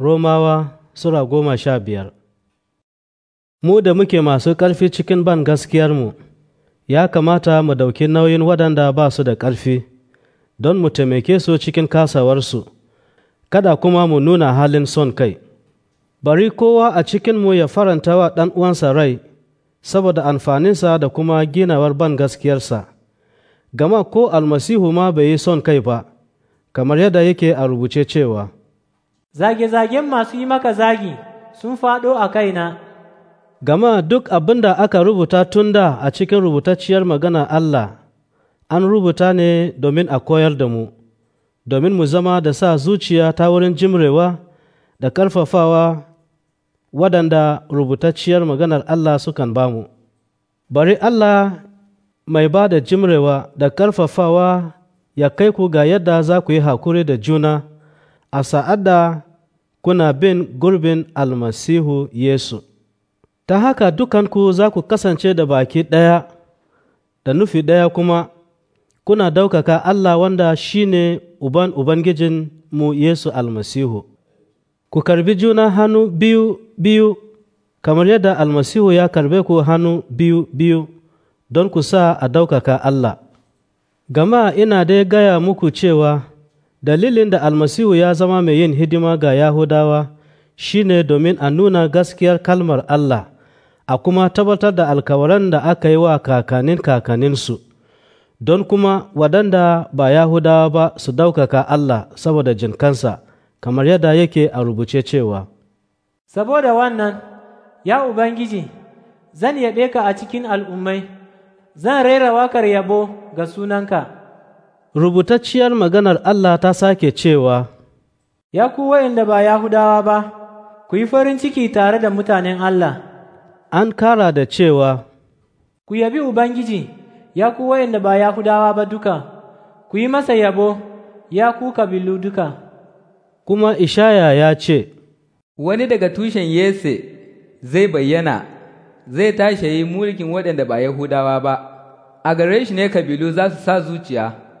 Romawa Sura goma sha biyar Mu da muke masu ƙarfi cikin ban gaskiyarmu, ya kamata mu ɗauki nauyin waɗanda ba su da ƙarfi, don mu taimake su cikin kasawarsu, kada kuma mu nuna halin son kai. Bari kowa a cikinmu ya faranta wa ɗan'uwansa rai, saboda amfaninsa da kuma ginawar ban gaskiyarsa, gama ko almasihu ma bai yi son kai ba, kamar yadda yake a rubuce cewa. zage-zagen masu yi maka zagi sun faɗo a kaina. Gama duk abin da aka rubuta tun da a cikin rubutacciyar magana Allah, an rubuta ne domin a koyar da mu, domin mu zama da sa zuciya ta wurin jimrewa da ƙarfafawa waɗanda rubutacciyar maganar Allah sukan ba mu Bari Allah mai ba da jimrewa da karfafawa ya kai ku ga yadda za ku yi haƙuri da juna. a Sa'ada da kuna bin gurbin almasihu Yesu, ta haka dukanku za ku kasance da baki ɗaya da nufi ɗaya kuma, kuna ɗaukaka Allah wanda shi ne Uban Ubangijin mu Yesu almasihu. Ku karbi juna hannu biyu biyu, kamar yadda almasihu ya karbe ku hannu biyu biyu, don ku sa a ɗaukaka Allah. Gama ina dai gaya muku cewa, Dalilin da almasihu ya zama mai yin hidima ga Yahudawa shi ne domin a nuna gaskiyar kalmar Allah, a kuma tabbatar da alkawaran da aka yi wa kakannin kakanninsu, don kuma waɗanda ba Yahudawa ba su ɗaukaka Allah saboda jinkansa, kamar yadda yake a rubuce cewa. Saboda wannan, ya Ubangiji, zan yaɓe ka a cikin al'ummai, zan rera wakar yabo ga sunanka. rubutacciyar maganar Allah ta sake cewa, Ya ku wa'inda ba Yahudawa ba, ku yi farin ciki tare da mutanen Allah. An kara da cewa, Ku yabi Ubangiji, ya ku wa'inda ba Yahudawa ba duka, ku yi masa yabo, ya ku kabilu duka. Kuma Ishaya ya ce, Wani daga tushen Yese zai bayyana, zai tashe yi mulkin waɗanda ba Yahudawa ba, a gare shi ne kabilu za su sa zuciya.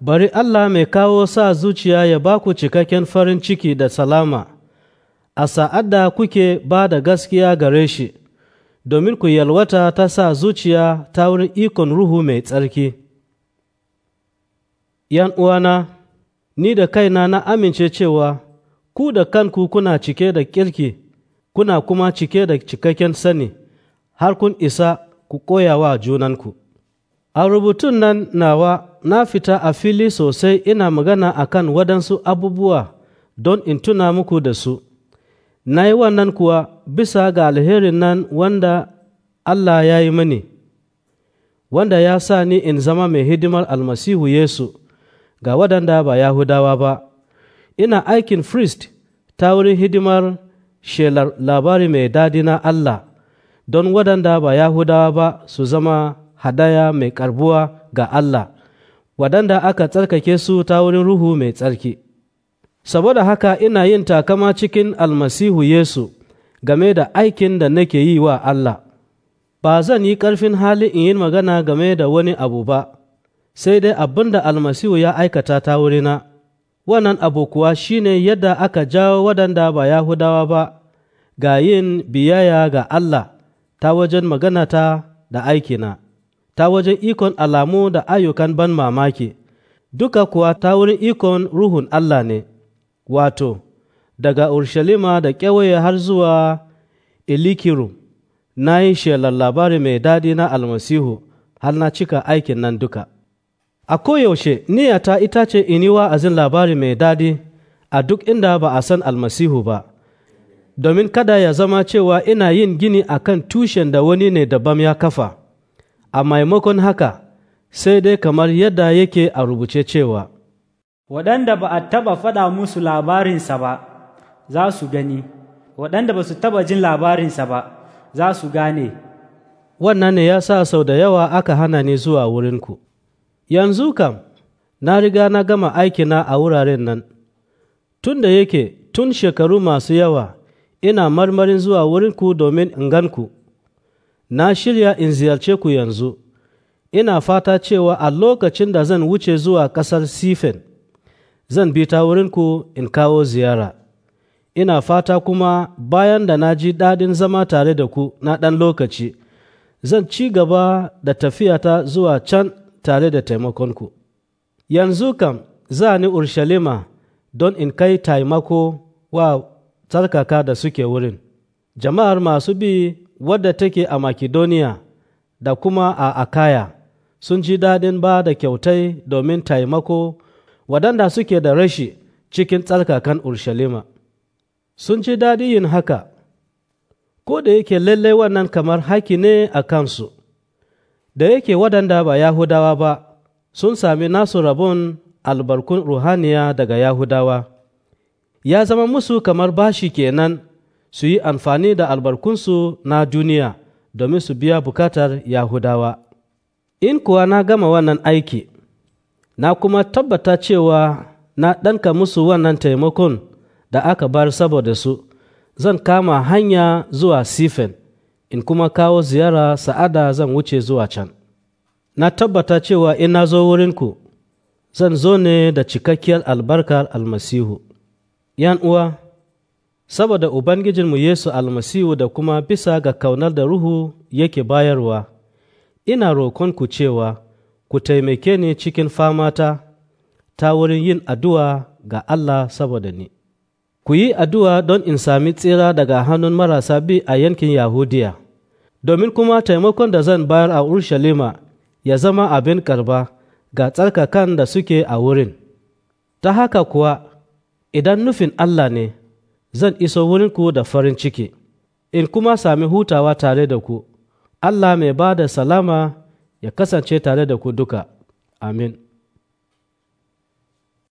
Bari Allah mai kawo sa zuciya ya ba ku cikakken farin ciki da salama, a sa'ad da kuke ba da gaskiya gare shi, domin ku yalwata ta sa zuciya ta wurin ikon Ruhu mai tsarki. ‘Yan uwana, ni da kaina na amince cewa ku da kanku kuna cike da kirki, kuna kuma cike da cikakken sani, har kun isa ku koya wa junanku. A rubutun nan nawa na fita a fili sosai ina magana a kan waɗansu abubuwa don in tuna muku da su. Na yi wannan kuwa bisa ga alherin nan wanda Allah ya yi mini, wanda ya sa ni in zama mai hidimar almasihu Yesu ga waɗanda ba Yahudawa ba. Ina aikin frist ta wurin hidimar shelar labari mai dadi na Allah don waɗanda ba Yahudawa ba su zama hadaya mai karbuwa ga Allah, waɗanda aka tsarkake su ta wurin Ruhu mai tsarki. Saboda haka ina yin takama cikin almasihu Yesu game da aikin da nake yi wa Allah, ba zan yi ƙarfin hali in yi magana game da wani abu ba, sai dai abin da almasihu ya aikata ta wurina. Wannan abu kuwa ne yadda aka jawo waɗanda ba Yahudawa ba ga yin biyaya ga Allah ta wajen magana ta da aikina. ta wajen ikon alamu da ayyukan ban mamaki, duka kuwa ta wurin ikon Ruhun Allah ne, wato, daga Urshalima da kewaye har zuwa ilikiru na yi shelar labari mai daɗi na almasihu har na cika aikin nan duka. A koyaushe, niyata ita ce in yi wa'azin labari mai daɗi a duk inda ba a san almasihu ba, domin kada ya zama cewa ina yin gini akan tushen da wani ne dabam ya kafa. a maimakon haka sai dai kamar yadda yake a rubuce cewa waɗanda ba a taɓa faɗa musu labarinsa ba za su gani waɗanda ba su taɓa jin labarinsa ba za su gane wannan ne ya sa sau da yawa aka hana ni zuwa wurinku yanzu kam na riga na gama aikina a wuraren nan tun da yake tun shekaru masu yawa ina marmarin zuwa wurinku domin in ganku na shirya in ziyarce ku yanzu, ina fata cewa a lokacin da zan wuce zuwa ƙasar Sifen, zan bi ta wurinku in kawo ziyara. Ina fata kuma bayan da na ji daɗin zama tare da ku na ɗan lokaci, zan ci gaba da tafiyata zuwa can tare da taimakonku. Yanzu kam za ni Urshalima don in kai taimako wa tsarkaka da suke wurin. Jama'ar masu bi wadda take a Makedoniya da kuma a Akaya sun ji daɗin ba da kyautai domin taimako waɗanda suke da rashi cikin tsarkakan Urshalima. Sun ji daɗi yin haka, ko da yake lallai wannan kamar haki ne a kansu, da yake waɗanda ba Yahudawa ba sun sami nasu rabon albarkun ruhaniya daga Yahudawa, ya zama musu kamar bashi kenan su yi amfani da albarkunsu na duniya domin su biya bukatar Yahudawa. In kuwa na gama wannan aiki, na kuma tabbata cewa na ɗanka musu wannan taimakon da aka bar saboda su, zan kama hanya zuwa Sifen, in kuma kawo ziyara sa'ada zan wuce zuwa can. Na tabbata cewa in na zo wurinku, zan zo ne da cikakkiyar albarkar almasihu. ‘Yan uwa’. saboda Ubangijinmu Yesu almasihu da kuma bisa ga kaunar da Ruhu yake bayarwa, ina roƙonku cewa ku taimake ni cikin famata ta wurin yin addu'a ga Allah saboda ni. Ku yi addu'a don in sami tsira daga hannun marasa bi a yankin Yahudiya, domin kuma taimakon da zan bayar a Urshalima ya zama abin karba ga tsarkakan da suke a wurin. Ta haka kuwa, idan nufin Allah ne, zan iso wurinku da farin ciki, in kuma sami hutawa tare da ku, Allah mai ba da salama ya kasance tare da ku duka. Amin.